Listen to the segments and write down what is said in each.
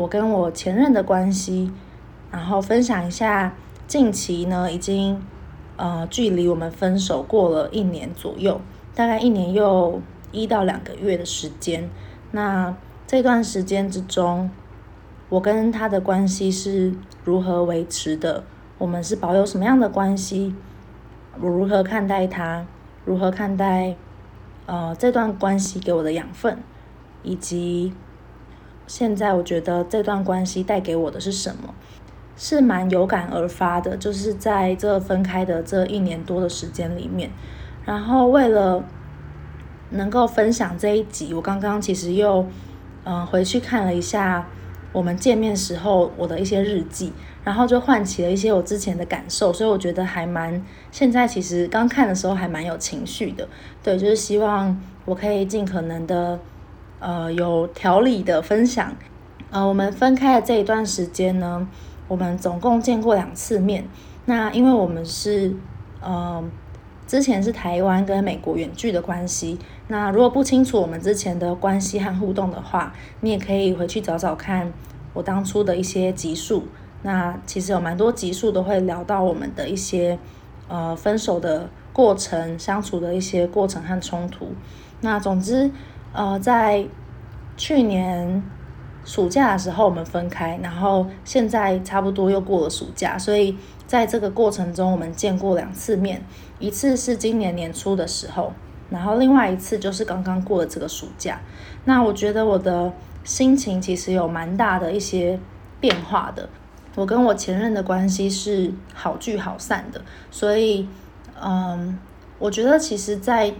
我跟我前任的關係，然後分享一下近期呢，已經呃距離我們分手過了一年左右，大概一年又一到兩個月的時間。那這段時間之中，我跟他的關係是如何維持的？我們是保有什麼樣的關係？我如何看待他？如何看待呃這段關係給我的養分，以及……現在我覺得這段關係帶給我的是什麼，是蠻有感而發的。就是在這分開的這一年多的時間裡面，然後為了能夠分享這一集，我剛剛其實又嗯回去看了一下我們見面時候我的一些日記，然後就喚起了一些我之前的感受，所以我覺得還蠻，現在其實剛看的時候還蠻有情緒的。對，就是希望我可以盡可能的。呃，有條理的分享。呃，我們分開的這一段時間呢，我們總共見過兩次面。那因為我們是，嗯、呃，之前是台灣跟美國遠距的關係。那如果不清楚我們之前的關係和互動的話，你也可以回去找找看我當初的一些集數。那其實有蠻多集數都會聊到我們的一些，呃，分手的過程、相處的一些過程和衝突。那總之。呃，在去年暑假的時候，我們分開，然後現在差不多又過了暑假，所以在這個過程中我們見過兩次面，一次是今年年初的時候，然後另外一次就是剛剛過了這個暑假。那我覺得我的心情其實有蠻大的一些變化的。我跟我前任的關係是好聚好散的，所以嗯，我覺得其實在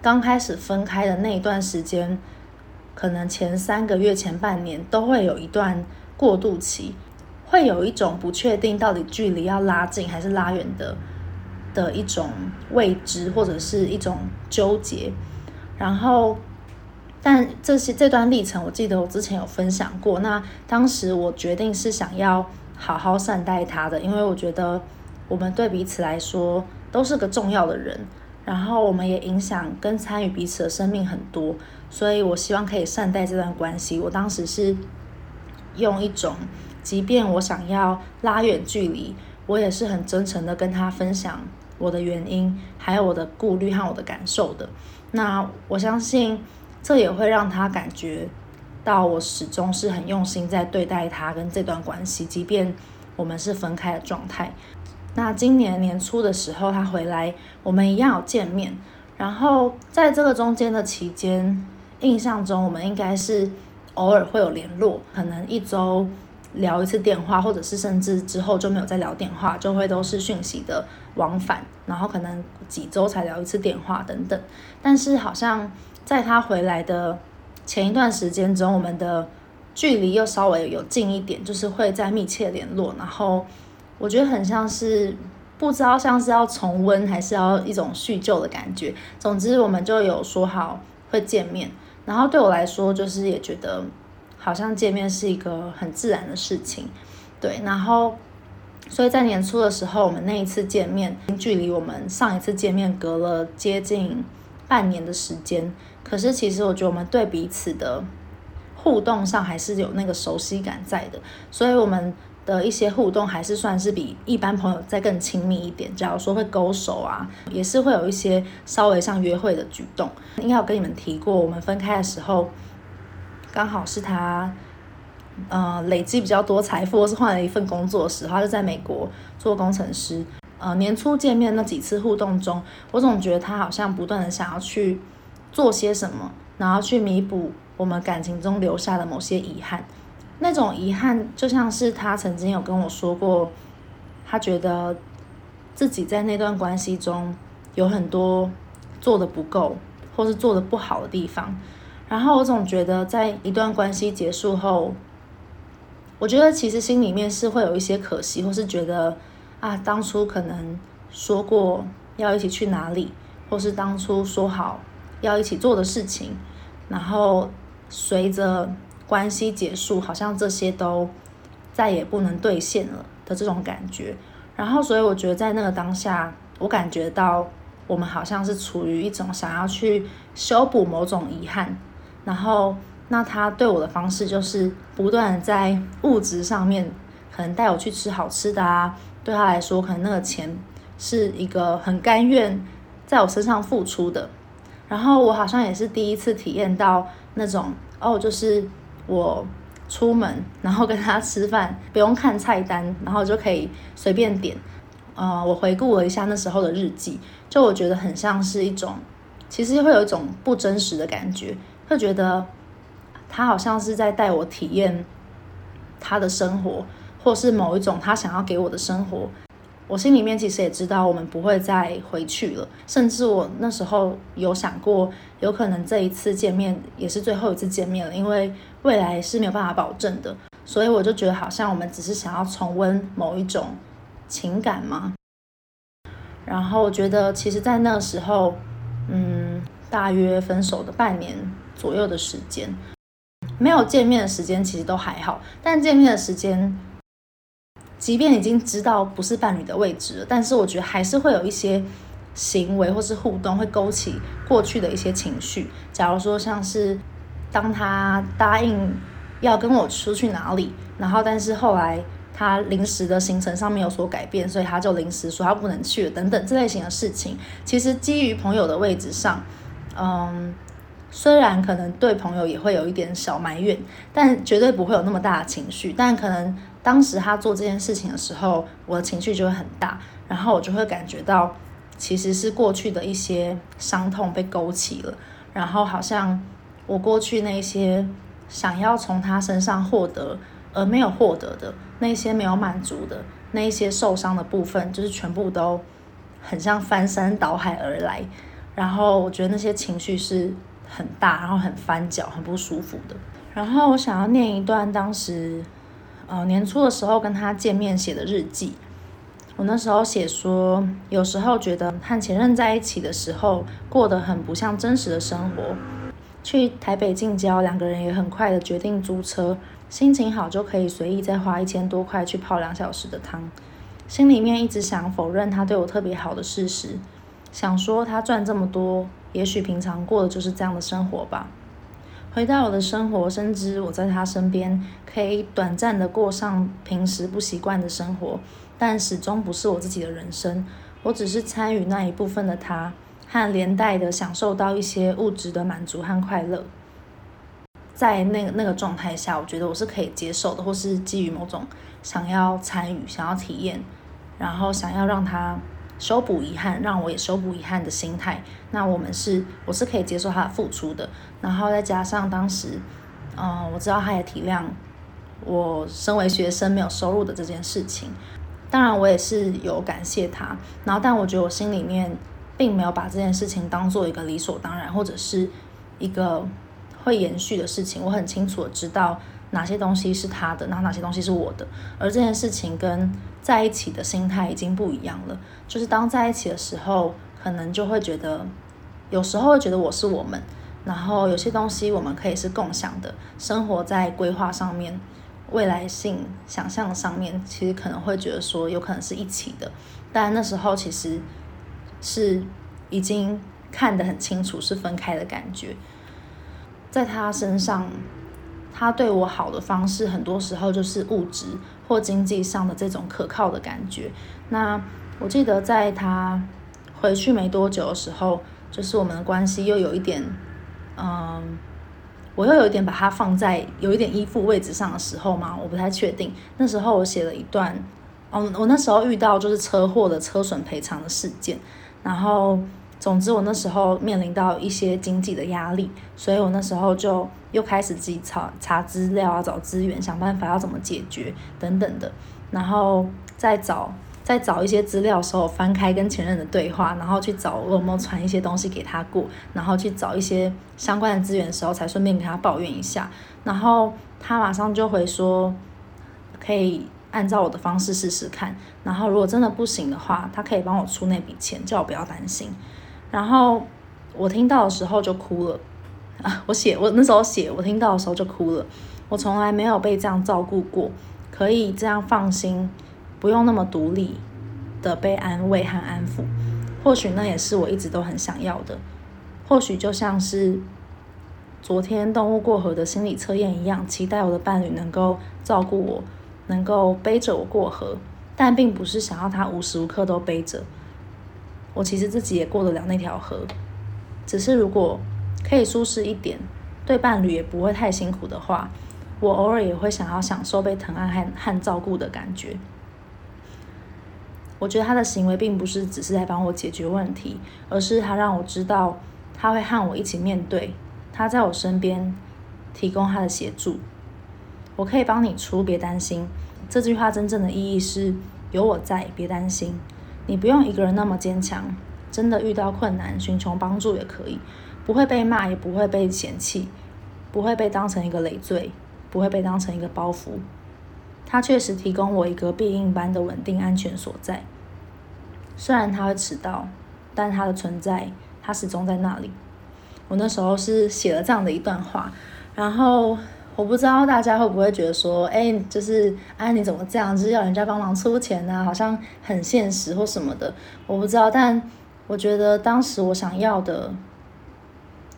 剛開始分開的那一段時間，可能前三個月、前半年都會有一段過渡期，會有一種不確定到底距離要拉近還是拉遠的的一種未知或者是一種糾結。然後，但這些這段歷程，我記得我之前有分享過。那當時我決定是想要好好善待他的，因為我覺得我們對彼此來說都是個重要的人。然後我們也影響跟參與彼此的生命很多，所以我希望可以善待這段關係。我當時是用一種，即便我想要拉遠距離，我也是很真誠的跟他分享我的原因，還有我的顧慮和我的感受的。那我相信這也會讓他感覺到我始終是很用心在對待他跟這段關係，即便我們是分開的狀態。那今年年初的時候，他回來，我們一樣有見面。然後在這個中間的期間，印象中我們應該是偶爾會有聯絡，可能一週聊一次電話，或者是甚至之後就沒有再聊電話，就會都是訊息的往返。然後可能幾週才聊一次電話等等。但是好像在他回來的前一段時間中，我們的距離又稍微有近一點，就是會在密切聯絡，然後。我覺得很像是不知道像是要重溫還是要一種敘舊的感覺。總之，我們就有說好會見面。然後對我來說，就是也覺得好像見面是一個很自然的事情。對，然後所以在年初的時候，我們那一次見面，距離我們上一次見面隔了接近半年的時間。可是其實我覺得我們對彼此的互動上還是有那個熟悉感在的，所以我們。的一些互動還是算是比一般朋友再更親密一點，假如說會勾手啊，也是會有一些稍微像約會的舉動。應該有跟你們提過，我們分開的時候，剛好是他，呃，累積比較多財富或是換了一份工作時候，他就在美國做工程師。呃，年初見面那幾次互動中，我總覺得他好像不斷的想要去做些什麼，然後去彌補我們感情中留下的某些遺憾。那種遺憾，就像是他曾經有跟我說過，他覺得自己在那段關係中有很多做得不夠，或是做得不好的地方。然後我總覺得，在一段關係結束後，我覺得其實心裡面是會有一些可惜，或是覺得啊，當初可能說過要一起去哪裡，或是當初說好要一起做的事情，然後隨着。關係結束，好像這些都再也不能兌現了的這種感覺。然後，所以我覺得在那個當下，我感覺到我們好像是處於一種想要去修補某種遺憾。然後，那他對我的方式就是不斷在物質上面，可能帶我去吃好吃的啊。對他來說，可能那個錢是一個很甘願在我身上付出的。然後，我好像也是第一次體驗到那種哦，就是。我出門，然後跟他吃飯，不用看菜單，然後就可以隨便點。呃，我回顧了一下那時候的日記，就我覺得很像是一種，其實會有一種不真實的感覺，會覺得他好像是在帶我體驗他的生活，或是某一種他想要給我的生活。我心裡面其實也知道，我們不會再回去了。甚至我那時候有想過，有可能這一次見面也是最後一次見面了，因為未來是沒有辦法保證的。所以我就覺得，好像我們只是想要重溫某一種情感嘛。然後我覺得，其實，在那時候，嗯，大約分手的半年左右的時間，沒有見面的時間其實都還好，但見面的時間。即便已經知道不是伴侶的位置了，但是我覺得還是會有一些行為或是互動會勾起過去的一些情緒。假如說像是當他答應要跟我出去哪裡，然後但是後來他臨時的行程上面有所改變，所以他就臨時說他不能去了等等這類型的事情，其實基於朋友的位置上，嗯，雖然可能對朋友也會有一點小埋怨，但絕對不會有那麼大的情緒，但可能。當時他做這件事情的時候，我的情緒就會很大，然後我就會感覺到，其實是過去的一些傷痛被勾起了，然後好像我過去那些想要從他身上獲得而沒有獲得的，那些沒有滿足的，那一些受傷的部分，就是全部都很像翻山倒海而來，然後我覺得那些情緒是很大，然後很翻攪、很不舒服的。然後我想要念一段當時。呃，年初的時候跟他見面寫的日記，我那時候寫說，有時候覺得和前任在一起的時候，過得很不像真實的生活。去台北近郊，兩個人也很快的決定租車，心情好就可以隨意再花一千多塊去泡兩小時的湯。心裡面一直想否認他對我特別好的事實，想說他賺這麼多，也許平常過的就是這樣的生活吧。回到我的生活，甚至我在他身邊可以短暫的過上平時不習慣的生活，但始終不是我自己的人生。我只是參與那一部分的他，和連帶的享受到一些物質的滿足和快樂。在那個那個狀態下，我覺得我是可以接受的，或是基於某種想要參與、想要體驗，然後想要讓他。修補遺憾，讓我也修補遺憾的心態。那我們是，我是可以接受他的付出的。然後再加上當時，嗯、呃，我知道他也體諒我身為學生沒有收入的這件事情。當然，我也是有感謝他。然後，但我覺得我心裡面並沒有把這件事情當做一個理所當然，或者是一個會延續的事情。我很清楚的知道。哪些東西是他的，然後哪些東西是我的？而這件事情跟在一起的心態已經不一樣了。就是當在一起的時候，可能就會覺得，有時候會覺得我是我們，然後有些東西我們可以是共享的。生活在規劃上面、未來性想象上面，其實可能會覺得說有可能是一起的，但那時候其實是已經看得很清楚是分開的感覺，在他身上。他對我好的方式，很多時候就是物質或經濟上的這種可靠的感覺。那我記得在他回去沒多久的時候，就是我們的關係又有一點，嗯，我又有一點把他放在有一點依附位置上的時候嘛，我不太確定。那時候我寫了一段，嗯，我那時候遇到就是車禍的車損賠償的事件，然後。總之我那時候面臨到一些經濟的壓力，所以我那時候就又開始自己查查資料啊，找資源，想辦法要怎麼解決等等的。然後再找再找一些資料的時候，翻開跟前任的對話，然後去找我有沒有傳一些東西給他過，然後去找一些相關的資源的時候，才順便跟他抱怨一下。然後他馬上就回說，可以按照我的方式試試看。然後如果真的不行的話，他可以幫我出那筆錢，叫我不要擔心。然後我聽到的時候就哭了，啊，我寫，我那時候寫，我聽到的時候就哭了。我從來沒有被這樣照顧過，可以這樣放心，不用那麼獨立的被安慰和安撫。或許那也是我一直都很想要的，或許就像是昨天動物過河的心理測驗一樣，期待我的伴侶能夠照顧我，能夠背着我過河，但並不是想要他無時無刻都背着。我其實自己也過得了那條河，只是如果可以舒適一點，對伴侶也不會太辛苦的話，我偶爾也會想要享受被疼愛和和照顧的感覺。我覺得他的行為並不是只是在幫我解決問題，而是他讓我知道他會和我一起面對，他在我身邊提供他的協助。我可以幫你出，別擔心。這句話真正的意義是，有我在，別擔心。你不用一個人那麼堅強，真的遇到困難尋求幫助也可以，不會被罵，也不會被嫌棄，不會被當成一個累贅，不會被當成一個包袱。他確實提供我一個庇蔭般的穩定安全所在，雖然他會遲到，但他的存在，他始終在那裡。我那時候是寫了這樣的一段話，然後。我不知道大家會不會覺得說，欸，就是，啊，你怎麼這樣，就是要人家幫忙出錢呢？好像很現實或什麼的。我不知道，但我覺得當時我想要的，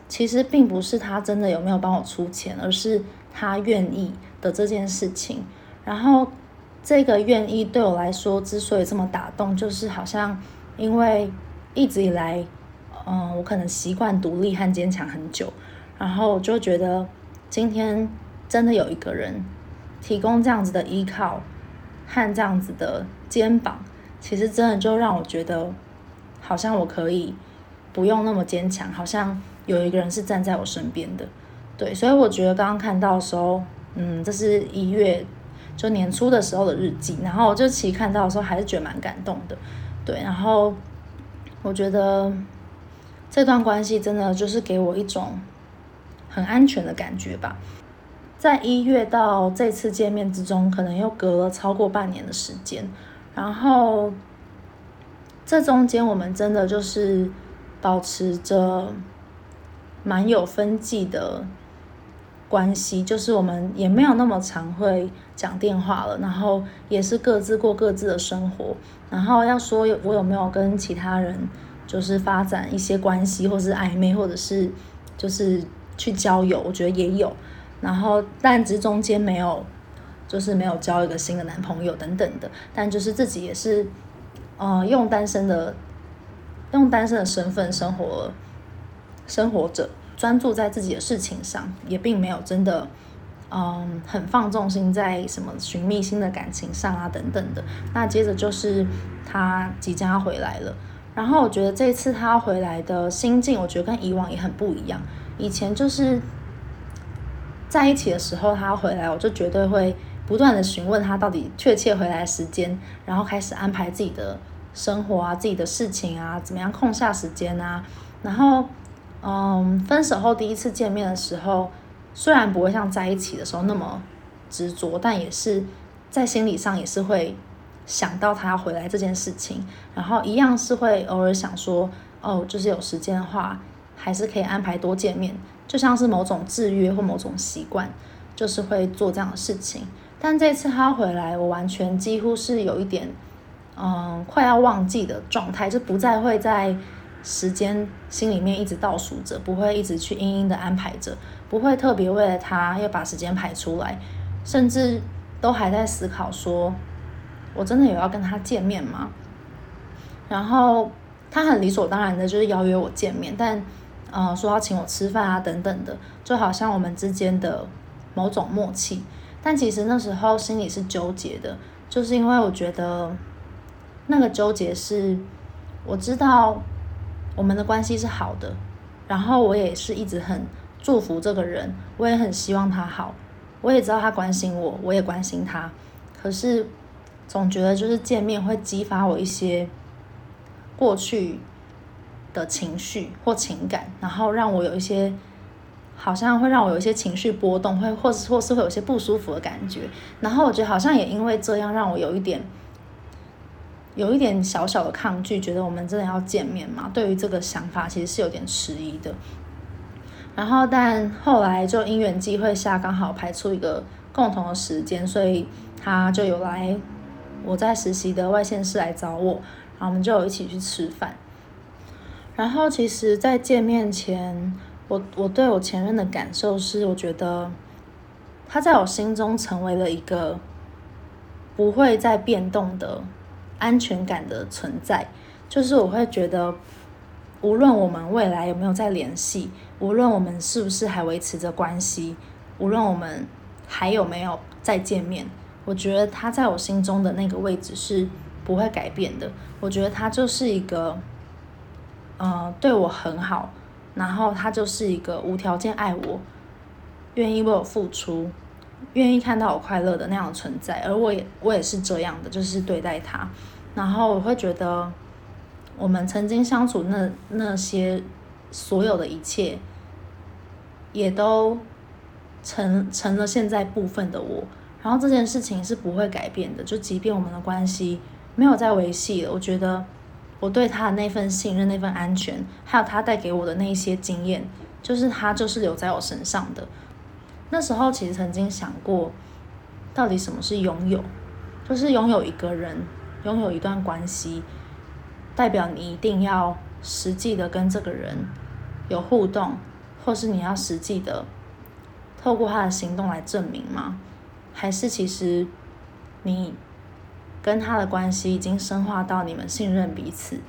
其實並不是他真的有沒有幫我出錢，而是他願意的這件事情。然後這個願意對我來說之所以這麼打動，就是好像因為一直以來，嗯，我可能習慣獨立和堅強很久，然後就覺得今天。真的有一個人提供這樣子的依靠和這樣子的肩膀，其實真的就讓我覺得好像我可以不用那麼堅強，好像有一個人是站在我身邊的。對，所以我覺得剛剛看到的時候，嗯，這是一月就年初的時候的日記，然後我就其實看到的時候還是覺得蠻感動的。對，然後我覺得這段關係真的就是給我一種很安全的感覺吧。1> 在一月到這次見面之中，可能又隔了超過半年的時間，然後這中間我們真的就是保持着蠻有分際的關係，就是我們也沒有那麼常會講電話了，然後也是各自過各自的生活。然後要說有我有沒有跟其他人就是發展一些關係，或是曖昧，或者是就是去交友，我覺得也有。然後，但是中間沒有，就是沒有交一個新的男朋友等等的，但就是自己也是，呃，用單身的，用單身的身份生活了，生活着，專注在自己的事情上，也並沒有真的，嗯、呃，很放重心在什麼尋覓新的感情上啊等等的。那接着就是他即將要回來了，然後我覺得這次他回來的心境，我覺得跟以往也很不一樣，以前就是。在一起的時候，他回來，我就絕對會不斷地詢問他到底確切回來時間，然後開始安排自己的生活啊、自己的事情啊、怎麼樣空下時間啊。然後，嗯，分手後第一次見面的時候，雖然不會像在一起的時候那麼執着，但也是在心理上也是會想到他要回來這件事情。然後一樣是會偶爾想說，哦，就是有時間的話，還是可以安排多見面。就像是某種制約或某種習慣，就是會做這樣的事情。但這次他回來，我完全幾乎是有一點，嗯，快要忘記的狀態，就不再會在時間心裡面一直倒數着，不會一直去陰陰的安排着，不會特別為了他要把時間排出來，甚至都還在思考說，我真的有要跟他見面嗎？然後他很理所當然的就是邀約我見面，但。呃，說要請我吃飯啊，等等的，就好像我們之間的某種默契。但其實那時候心裡是糾結的，就是因為我覺得那個糾結是，我知道我們的關係是好的，然後我也是一直很祝福這個人，我也很希望他好，我也知道他關心我，我也關心他，可是總覺得就是見面會激發我一些過去的情緒或情感，然後讓我有一些，好像會讓我有一些情緒波動，會或是或是會有些不舒服的感覺。然後我覺得好像也因為這樣，讓我有一點，有一點小小的抗拒，覺得我們真的要見面嘛。對於這個想法，其實是有點遲疑的。然後但後來就因緣際會下，剛好排出一個共同的時間，所以他就有來我在實習的外縣市來找我，然後我們就有一起去吃飯。然後，其實，在見面前，我我對我前任的感受是，我覺得他在我心中成為了一個不會再變動的安全感的存在。就是我會覺得，無論我們未來有沒有再聯繫，無論我們是不是還維持着關係，無論我們還有沒有再見面，我覺得他在我心中的那個位置是不會改變的。我覺得他就是一個。嗯、呃，對我很好，然後他就是一個無條件愛我，願意為我付出，願意看到我快樂的那樣的存在。而我也，我也是這樣的，就是對待他，然後我會覺得，我們曾經相處那那些所有的一切，也都成成了現在部分的我。然後這件事情是不會改變的，就即便我們的關係沒有再維繫了，我覺得。我對他的那份信任、那份安全，還有他帶給我的那些經驗，就是他就是留在我身上的。那時候其實曾經想過，到底什麼是擁有？就是擁有一個人，擁有一段關係，代表你一定要實際的跟這個人有互動，或是你要實際的透過他的行動來證明嗎？還是其實你？跟他的關係已經深化到你們信任彼此，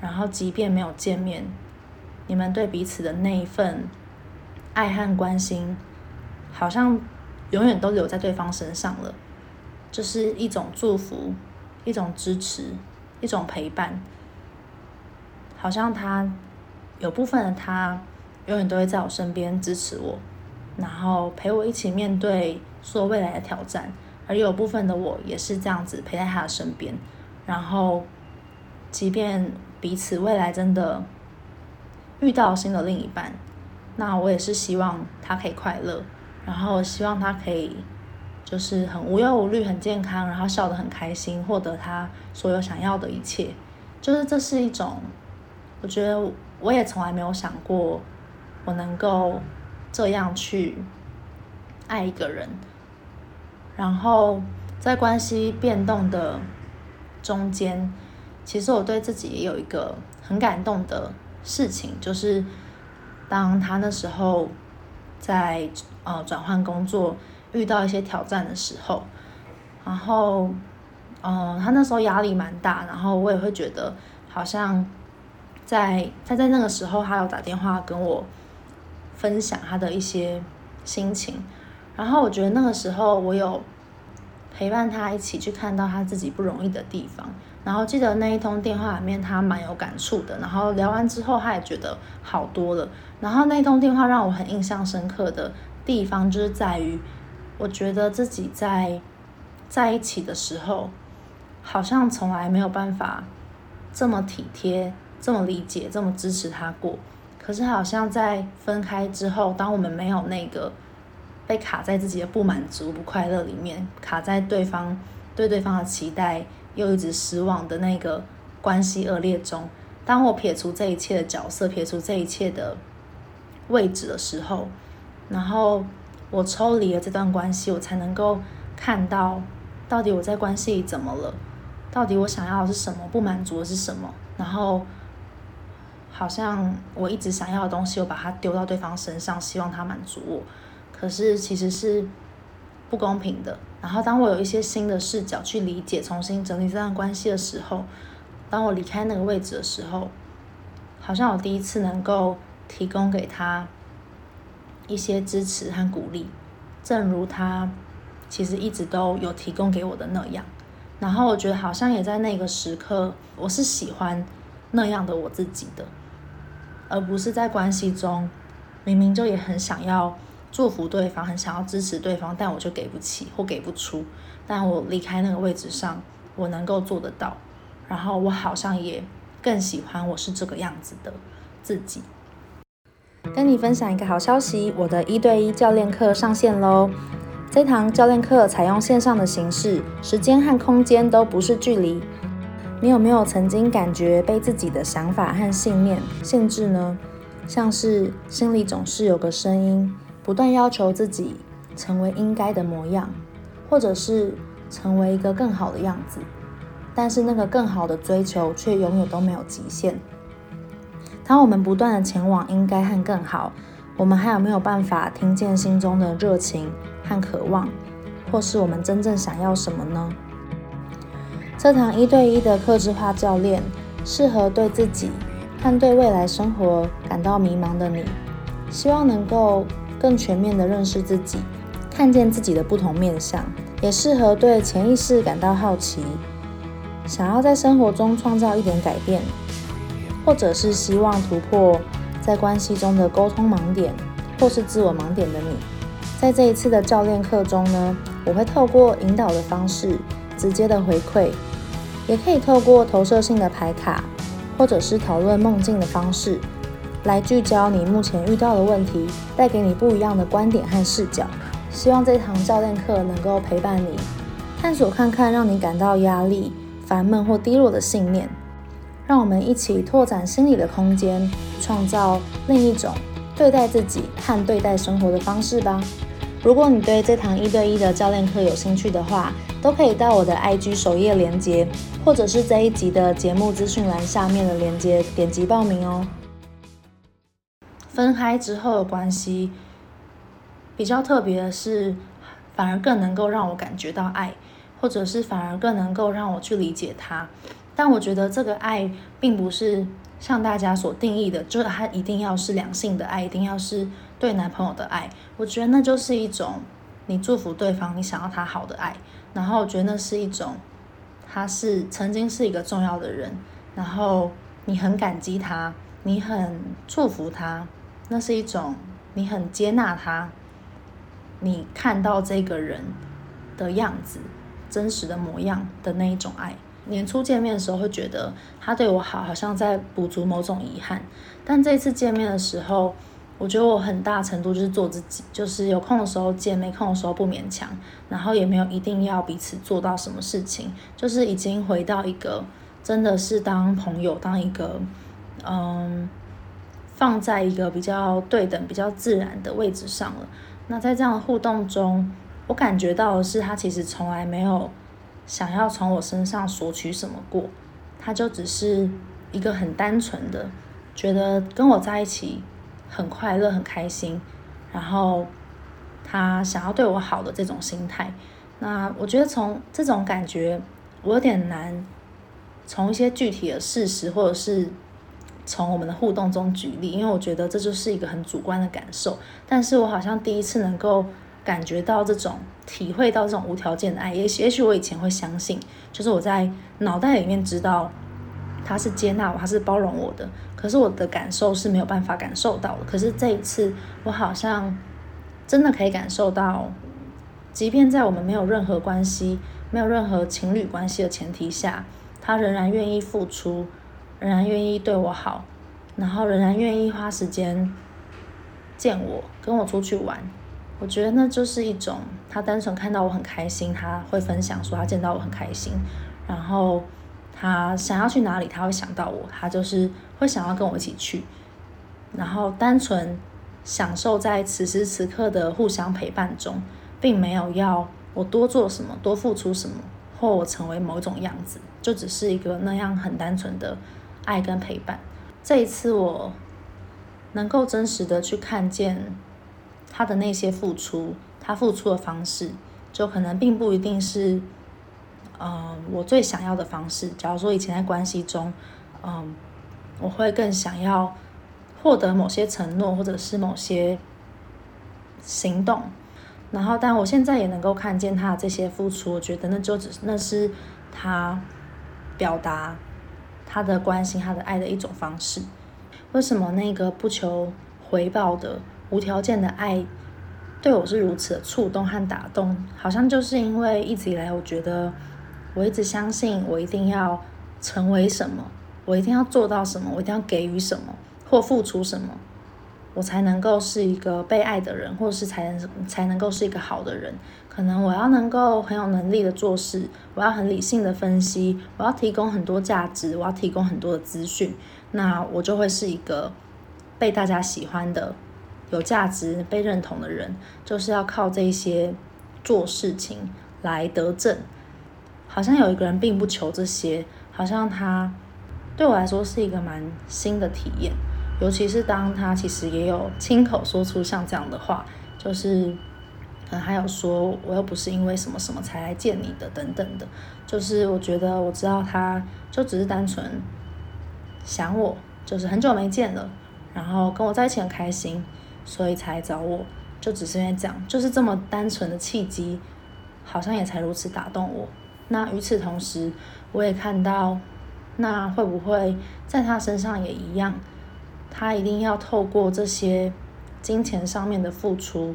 然後即便沒有見面，你們對彼此的那一份愛和關心，好像永遠都留在對方身上了。這、就是一種祝福，一種支持，一種陪伴。好像他有部分的他，永遠都會在我身邊支持我，然後陪我一起面對所有未來的挑戰。而有部分的我也是這樣子陪在他的身邊，然後，即便彼此未來真的遇到新的另一半，那我也是希望他可以快樂，然後希望他可以就是很無憂無慮、很健康，然後笑得很開心，獲得他所有想要的一切。就是這是一種，我覺得我也從來沒有想過我能夠這樣去愛一個人。然後在關係變動的中間，其實我對自己也有一個很感動的事情，就是當他那時候在呃轉換工作遇到一些挑戰的時候，然後呃他那時候壓力蠻大，然後我也會覺得好像在他在那個時候，他有打電話跟我分享他的一些心情。然後我覺得那個時候我有陪伴他一起去看到他自己不容易的地方，然後記得那一通電話裡面他蠻有感觸的，然後聊完之後他也覺得好多了。然後那通電話讓我很印象深刻的地方就是在於，我覺得自己在在一起的時候，好像從來沒有辦法這麼體貼、這麼理解、這麼支持他過。可是好像在分開之後，當我們沒有那個。被卡在自己的不滿足、不快樂裡面，卡在對方對對方的期待又一直失望的那個關係惡劣中。當我撇除這一切的角色，撇除這一切的位置的時候，然後我抽離了這段關係，我才能夠看到到底我在關係裡怎麼了，到底我想要的是什麼，不滿足的是什麼。然後好像我一直想要的東西，我把它丟到對方身上，希望他滿足我。可是其實是不公平的。然後，當我有一些新的視角去理解、重新整理這段關係的時候，當我離開那個位置的時候，好像我第一次能夠提供給他一些支持和鼓勵，正如他其實一直都有提供給我的那樣。然後，我覺得好像也在那個時刻，我是喜歡那樣的我自己的，而不是在關係中明明就也很想要。祝福對方，很想要支持對方，但我就給不起或給不出。但我離開那個位置上，我能夠做得到。然後我好像也更喜歡我是這個樣子的自己。跟你分享一個好消息，我的一對一教練課上線嘍！這堂教練課採用線上的形式，時間和空間都不是距離。你有沒有曾經感覺被自己的想法和信念限制呢？像是心裡總是有個聲音。不斷要求自己成為應該的模樣，或者是成為一個更好的樣子，但是那個更好的追求卻永遠都沒有極限。當我們不斷的前往應該和更好，我們還有沒有辦法聽見心中的熱情和渴望，或是我們真正想要什麼呢？這堂一對一的客制化教練適合對自己和對未來生活感到迷茫的你，希望能夠。更全面的認識自己，看見自己的不同面向，也適合對潛意識感到好奇，想要在生活中創造一點改變，或者是希望突破在關係中的溝通盲點，或是自我盲點的你。在這一次的教練課中呢，我會透過引導的方式、直接的回饋，也可以透過投射性的牌卡，或者是討論夢境的方式，來聚焦你目前遇到的問題，帶給你不一樣的觀點和視角。希望這堂教練課能夠陪伴你，探索看看讓你感到壓力、煩悶或低落的信念。讓我們一起拓展心理的空間，創造另一種對待自己和對待生活的方式吧。如果你對這堂一對一的教練課有興趣的話，都可以到我的 IG 首頁鏈接，或者是這一集的節目資訊欄下面的鏈接，點擊報名哦。分開之後的關係比較特別的是，反而更能夠讓我感覺到愛，或者是反而更能夠讓我去理解他。但我覺得這個愛並不是像大家所定義的，就是他一定要是兩性的愛，一定要是對男朋友的愛。我覺得那就是一種你祝福對方，你想要他好的愛。然後我覺得那是一種他是曾經是一個重要的人，然後你很感激他，你很祝福他。那是一種你很接納他，你看到這個人的樣子、真實的模樣的那一種愛。年初見面的時候會覺得他對我好，好像在補足某種遺憾。但這次見面的時候，我覺得我很大程度就是做自己，就是有空的時候見，沒空的時候不勉強，然後也沒有一定要彼此做到什麼事情，就是已經回到一個真的是當朋友，當一個嗯。放在一個比較對等、比較自然的位置上了。那在這樣的互動中，我感覺到的是，他其實從來沒有想要從我身上索取什麼過。他就只是一個很單純的，覺得跟我在一起很快樂、很開心，然後他想要對我好的這種心態。那我覺得從這種感覺，我有點難從一些具體的事實或者是……從我們的互動中舉例，因為我覺得這就是一個很主觀的感受。但是我好像第一次能夠感覺到這種、體會到這種無條件的愛。也許也許我以前會相信，就是我在腦袋裡面知道他是接納我、他是包容我的，可是我的感受是沒有辦法感受到的。可是這一次，我好像真的可以感受到，即便在我們沒有任何關係、沒有任何情侶關係的前提下，他仍然願意付出。仍然願意對我好，然後仍然願意花時間見我，跟我出去玩。我覺得那就是一種他單純看到我很開心，他會分享說他見到我很開心。然後他想要去哪裡，他會想到我，他就是會想要跟我一起去。然後單純享受在此時此刻的互相陪伴中，並沒有要我多做什麼、多付出什麼，或我成為某種樣子，就只是一個那樣很單純的。愛跟陪伴。這一次我能夠真實的去看見他的那些付出，他付出的方式，就可能並不一定是，嗯、呃，我最想要的方式。假如說以前在關係中，嗯、呃，我會更想要獲得某些承諾或者是某些行動，然後，但我現在也能夠看見他的這些付出，我覺得那就只那是他表達。他的關心，他的愛的一種方式。為什麼那個不求回報的、無條件的愛，對我是如此的觸動和打動？好像就是因為一直以來，我覺得，我一直相信，我一定要成為什麼，我一定要做到什麼，我一定要給予什麼或付出什麼，我才能夠是一個被愛的人，或者是才能才能夠是一個好的人。可能我要能夠很有能力的做事，我要很理性的分析，我要提供很多價值，我要提供很多的資訊，那我就會是一個被大家喜歡的、有價值、被認同的人。就是要靠這些做事情來得正。好像有一個人並不求這些，好像他對我來說是一個蠻新的體驗，尤其是當他其實也有親口說出像這樣的話，就是。嗯，可能還有說我又不是因為什麼什麼才來見你的，等等的，就是我覺得我知道他，就只是單純想我，就是很久沒見了，然後跟我在一起很開心，所以才找我，就只是在講，就是這麼單純的契機，好像也才如此打動我。那與此同時，我也看到，那會不會在他身上也一樣？他一定要透過這些金錢上面的付出。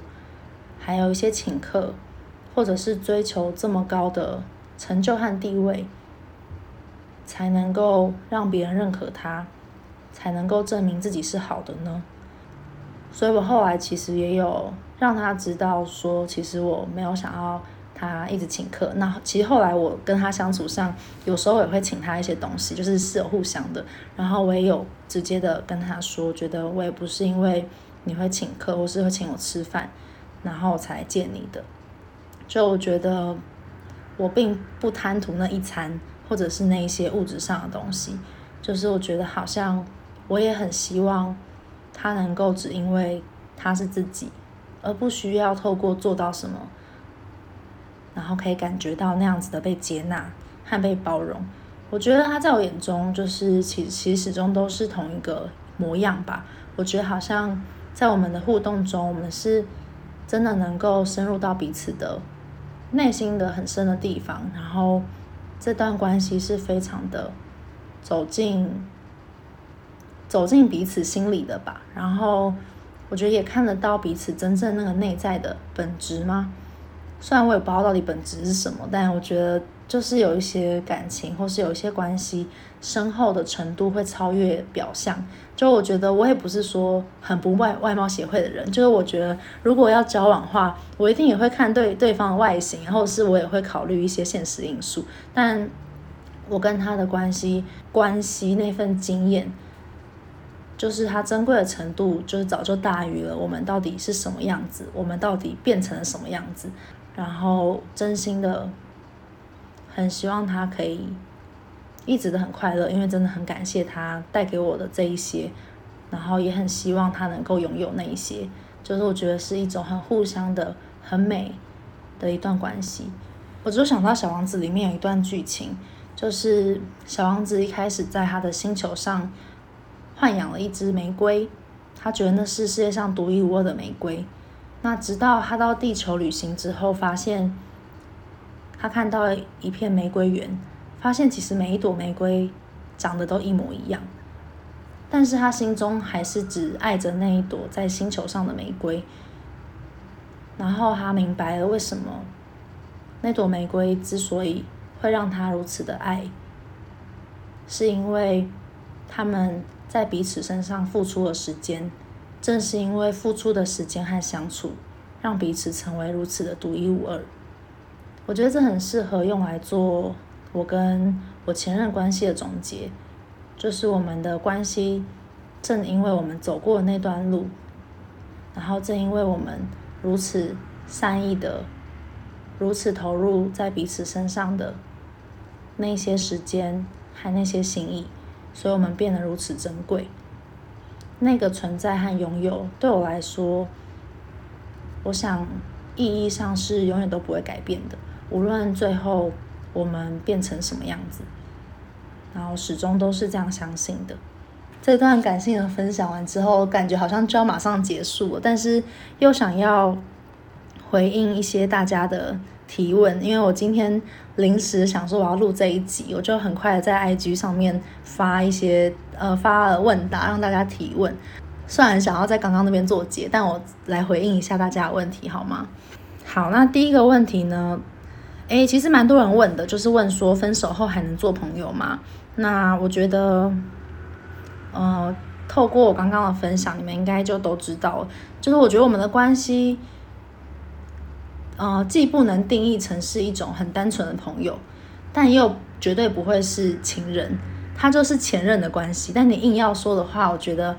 還有一些請客，或者是追求這麼高的成就和地位，才能夠讓別人認可他，才能夠證明自己是好的呢。所以我後來其實也有讓他知道說，其實我沒有想要他一直請客。那其實後來我跟他相處上，有時候也會請他一些東西，就是室友互相的。然後我也有直接的跟他說，覺得我也不是因為你會請客，或是會請我吃飯。然後才見你的，就我覺得我並不貪圖那一餐，或者是那一些物質上的東西。就是我覺得好像我也很希望他能夠只因為他是自己，而不需要透過做到什麼，然後可以感覺到那樣子的被接納和被包容。我覺得他在我眼中就是其其實始終都是同一個模樣吧。我覺得好像在我們的互動中，我們是。真的能夠深入到彼此的內心的很深的地方，然後這段關係是非常的走進走進彼此心裡的吧。然後我覺得也看得到彼此真正那個內在的本質嘛。雖然我也不知道到底本質是什麼，但我覺得。就是有一些感情，或是有一些關係深厚的程度，會超越表象。就我覺得，我也不是說很不外外貌協會的人。就是我覺得，如果要交往的話，我一定也會看對對方的外形，或是我也會考慮一些現實因素。但我跟他的關係，關係那份經驗，就是他珍貴的程度，就是早就大於了我們到底是什麼樣子，我們到底變成了什麼樣子。然後真心的，很希望他可以一直都很快樂，因為真的很感謝他帶給我的這一些，然後也很希望他能夠擁有那一些，就是我覺得是一種很互相的、很美的一段關係。我就想到《小王子》裡面有一段劇情，就是小王子一開始在他的星球上豢養了一隻玫瑰，他覺得那是世界上獨一無二的玫瑰。那直到他到地球旅行之後，發現。他看到了一片玫瑰園，發現其實每一朵玫瑰長得都一模一樣，但是他心中還是只愛着那一朵在星球上的玫瑰。然後他明白了為什麼那朵玫瑰之所以會讓他如此的愛，是因為他們在彼此身上付出了時間，正是因為付出的時間和相處，讓彼此成為如此的獨一無二。我覺得這很適合用來做我跟我前任關係的總結，就是我們的關係，正因為我們走過那段路，然後正因為我們如此善意的、如此投入在彼此身上的那些時間和那些心意，所以我們變得如此珍貴。那個存在和擁有對我來說，我想意義上是永遠都不會改變的。無論最後我們變成什麼樣子，然後始終都是這樣相信的。這段感性的分享完之後，感覺好像就要馬上結束了，但是又想要回應一些大家的提問，因為我今天臨時想說我要錄這一集，我就很快的在 IG 上面發一些呃發了問答，讓大家提問。雖然想要在剛剛那邊做結，但我來回應一下大家的問題好嗎？好，那第一個問題呢？誒，其實蠻多人問的，就是問說分手後還能做朋友嗎？那我覺得，呃，透過我剛剛的分享，你們應該就都知道了，就是我覺得我們的關係，呃，既不能定義成是一種很單純的朋友，但又絕對不會是情人，他就是前任的關係。但你硬要說的話，我覺得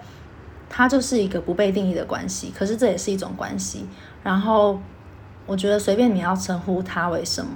他就是一個不被定義的關係，可是這也是一種關係。然後。我覺得隨便你要稱呼他為什麼，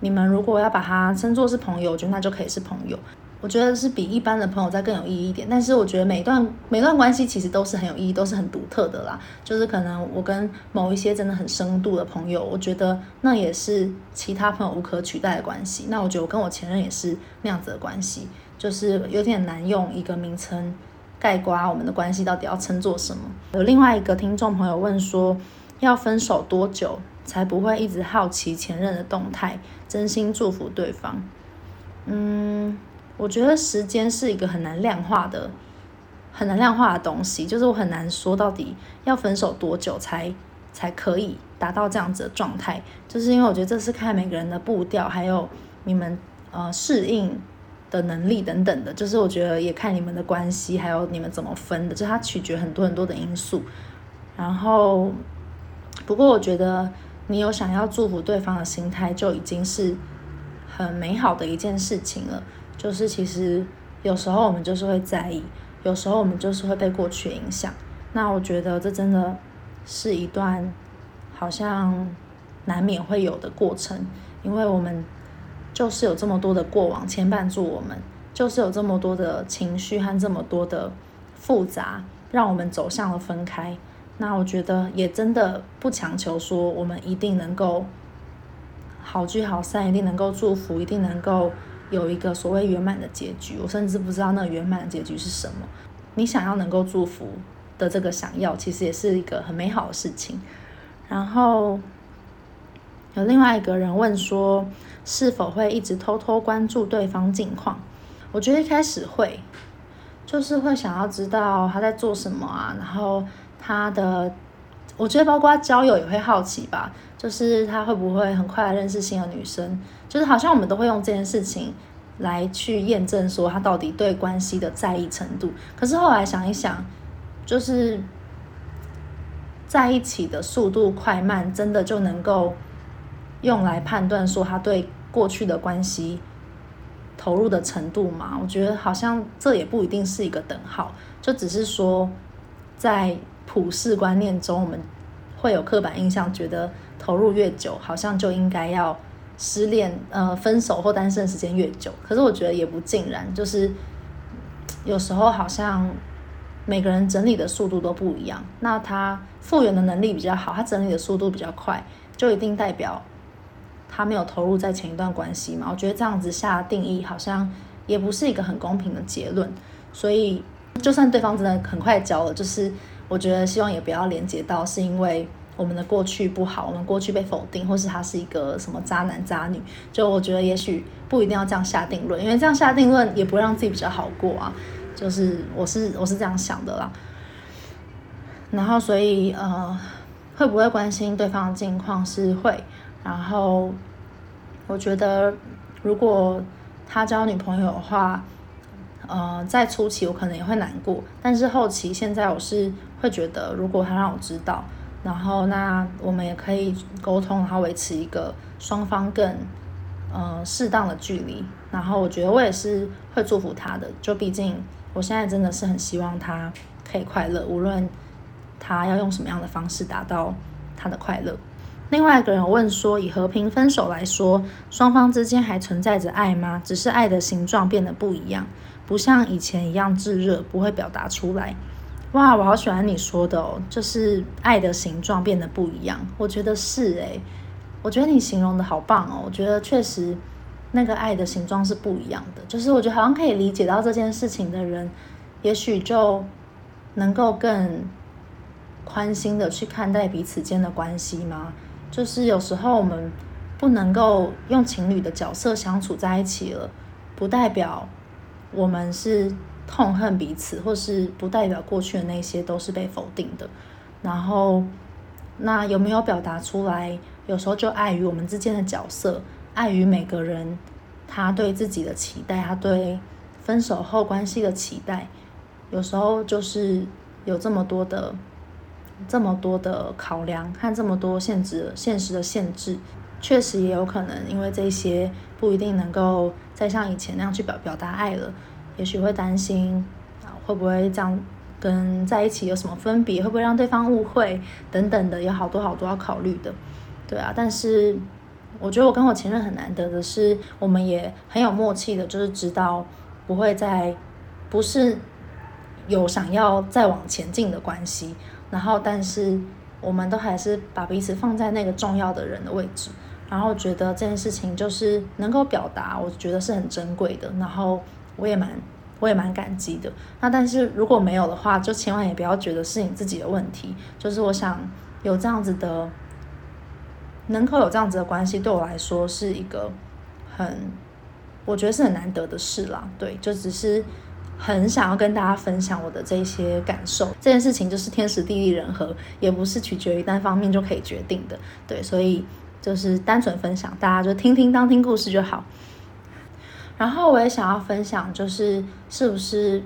你們如果要把他稱作是朋友，我覺得那就可以是朋友。我覺得是比一般的朋友再更有意義一點。但是我覺得每段每段關係其實都是很有意義，都是很獨特的啦。就是可能我跟某一些真的很深度的朋友，我覺得那也是其他朋友無可取代的關係。那我覺得我跟我前任也是那樣子的關係，就是有點難用一個名稱概括我們的關係到底要稱作什麼。有另外一個聽眾朋友問說，要分手多久？才不會一直好奇前任的動態，真心祝福對方。嗯，我覺得時間是一個很難量化的，很難量化的東西，就是我很難說到底要分手多久才才可以達到這樣子的狀態，就是因為我覺得這是看每個人的步調，還有你們呃適應的能力等等的，就是我覺得也看你們的關係，還有你們怎麼分的，就它取決很多很多的因素。然後，不過我覺得。你有想要祝福對方的心態，就已經是很美好的一件事情了。就是其實有時候我們就是會在意，有時候我們就是會被過去影響。那我覺得這真的是一段好像難免會有的過程，因為我們就是有這麼多的過往牽絆住我們，就是有這麼多的情緒和這麼多的複雜，讓我們走向了分開。那我覺得也真的不強求說我們一定能夠好聚好散，一定能夠祝福，一定能夠有一個所謂圓滿的結局。我甚至不知道那圓滿的結局是什麼。你想要能夠祝福的這個想要，其實也是一個很美好的事情。然後有另外一個人問說，是否會一直偷偷關注對方近況？我覺得一開始會，就是會想要知道他在做什麼啊，然後。他的，我覺得包括他交友也會好奇吧，就是他會不會很快認識新的女生？就是好像我們都會用這件事情來去驗證說他到底對關係的在意程度。可是後來想一想，就是在一起的速度快慢，真的就能夠用來判斷說他對過去的關係投入的程度嗎？我覺得好像這也不一定是一個等號，就只是說在。普世觀念中，我們會有刻板印象，覺得投入越久，好像就應該要失戀、呃分手或單身時間越久。可是我覺得也不盡然，就是有時候好像每個人整理的速度都不一樣。那他復原的能力比較好，他整理的速度比較快，就一定代表他沒有投入在前一段關係嘛？我覺得這樣子下的定義好像也不是一個很公平的結論。所以，就算對方真的很快交了，就是。我覺得希望也不要連接到是因為我們的過去不好，我們過去被否定，或是他是一個什麼渣男渣女。就我覺得也許不一定要這樣下定論，因為這樣下定論也不會讓自己比較好過啊。就是我是我是這樣想的啦。然後所以呃，會不會關心對方的近況是會。然後我覺得如果他交女朋友的話，呃，在初期我可能也會難過，但是後期現在我是。會覺得，如果他讓我知道，然後那我們也可以溝通，然後維持一個雙方更呃適當的距離。然後我覺得我也是會祝福他的，就畢竟我現在真的是很希望他可以快樂，無論他要用什麼樣的方式達到他的快樂。另外一個人有問說，以和平分手來說，雙方之間還存在着愛嗎？只是愛的形狀變得不一樣，不像以前一樣炙熱，不會表達出來。哇，我好喜歡你說的哦，就是愛的形狀變得不一樣。我覺得是誒，我覺得你形容的好棒哦。我覺得確實，那個愛的形狀是不一樣的。就是我覺得好像可以理解到這件事情的人，也許就能夠更寬心的去看待彼此間的關係嗎？就是有時候我們不能夠用情侶的角色相處在一起了，不代表我們是。痛恨彼此，或是不代表過去的那些都是被否定的。然後，那有沒有表達出來，有時候就礙於我們之間的角色，礙於每個人他對自己的期待，他對分手後關係的期待，有時候就是有這麼多的、這麼多的考量和這麼多限制，現實的限制，確實也有可能因為這些不一定能夠再像以前那樣去表表達愛了。也許會擔心啊，會不會這樣跟在一起有什麼分別？會不會讓對方誤會等等的，有好多好多要考慮的，對啊。但是我覺得我跟我前任很難得的是，我們也很有默契的，就是知道不會再不是有想要再往前進的關係，然後但是我們都還是把彼此放在那個重要的人的位置，然後覺得這件事情就是能夠表達，我覺得是很珍貴的，然後。我也蠻，我也蠻感激的。那但是如果沒有的話，就千萬也不要覺得是你自己的問題。就是我想有這樣子的，能夠有這樣子的關係，對我來說是一個很，我覺得是很難得的事啦。對，就只是很想要跟大家分享我的這些感受。這件事情就是天時地利人和，也不是取決於單方面就可以決定的。對，所以就是單純分享，大家就聽聽當聽故事就好。然後我也想要分享，就是是不是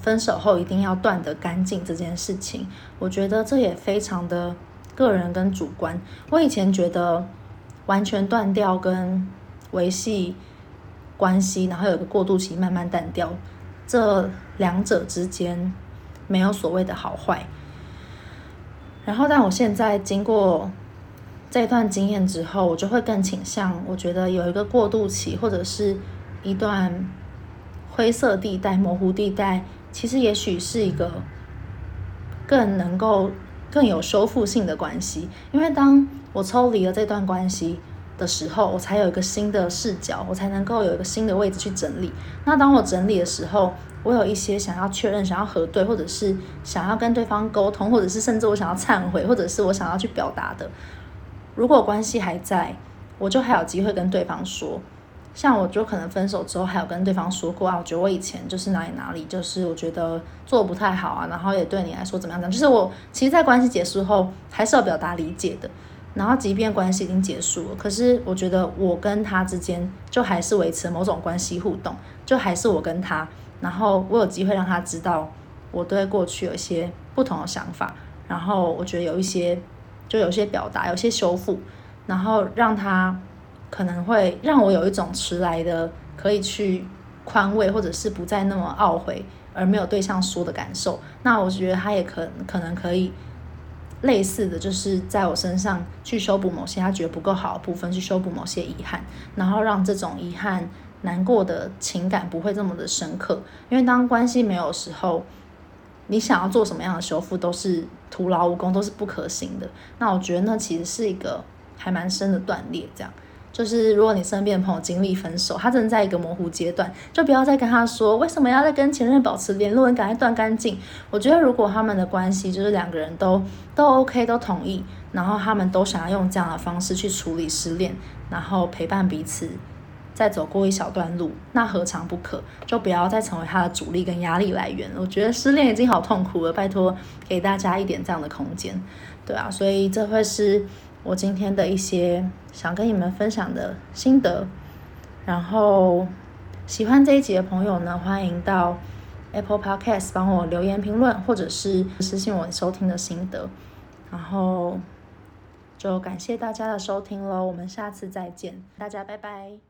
分手後一定要斷得乾淨這件事情。我覺得這也非常的個人跟主觀。我以前覺得完全斷掉跟維繫關係，然後有個過渡期慢慢淡掉，這兩者之間沒有所謂的好壞。然後，但我現在經過這段經驗之後，我就會更傾向，我覺得有一個過渡期，或者是。一段灰色地帶、模糊地帶，其實也許是一個更能夠、更有修復性的關係。因為當我抽離了這段關係的時候，我才有一個新的視角，我才能夠有一個新的位置去整理。那當我整理的時候，我有一些想要確認、想要核對，或者是想要跟對方溝通，或者是甚至我想要懺悔，或者是我想要去表達的。如果關係還在，我就還有機會跟對方說。像我就可能分手之後還有跟對方說過啊，我覺得我以前就是哪裡哪裡，就是我覺得做得不太好啊，然後也對你來說怎麼樣講，就是我其實，在關係結束後還是要表達理解的，然後即便關係已經結束了，可是我覺得我跟他之間就還是維持某種關係互動，就還是我跟他，然後我有機會讓他知道我對過去有一些不同的想法，然後我覺得有一些就有些表達，有些修復，然後讓他。可能會讓我有一種遲來的可以去寬慰，或者是不再那麼懊悔而沒有對象說的感受。那我覺得他也可可能可以類似的就是在我身上去修補某些他覺得不夠好的部分，去修補某些遺憾，然後讓這種遺憾難過的情感不會這麼的深刻。因為當關係沒有時候，你想要做什麼樣的修復都是徒勞無功，都是不可行的。那我覺得那其實是一個還蠻深的斷裂，這樣。就是如果你身邊的朋友經歷分手，他正在一個模糊階段，就不要再跟他說為什麼要再跟前任保持聯絡，你趕快斷乾淨。我覺得如果他們的關係就是兩個人都都 OK，都同意，然後他們都想要用這樣的方式去處理失戀，然後陪伴彼此，再走過一小段路，那何嘗不可？就不要再成為他的阻力跟壓力來源。我覺得失戀已經好痛苦了，拜托給大家一點這樣的空間。對啊，所以這會是。我今天的一些想跟你們分享的心得，然後喜歡這一集的朋友呢，歡迎到 Apple Podcast 幫我留言評論，或者是私信我收聽的心得，然後就感謝大家的收聽嘍，我們下次再見，大家拜拜。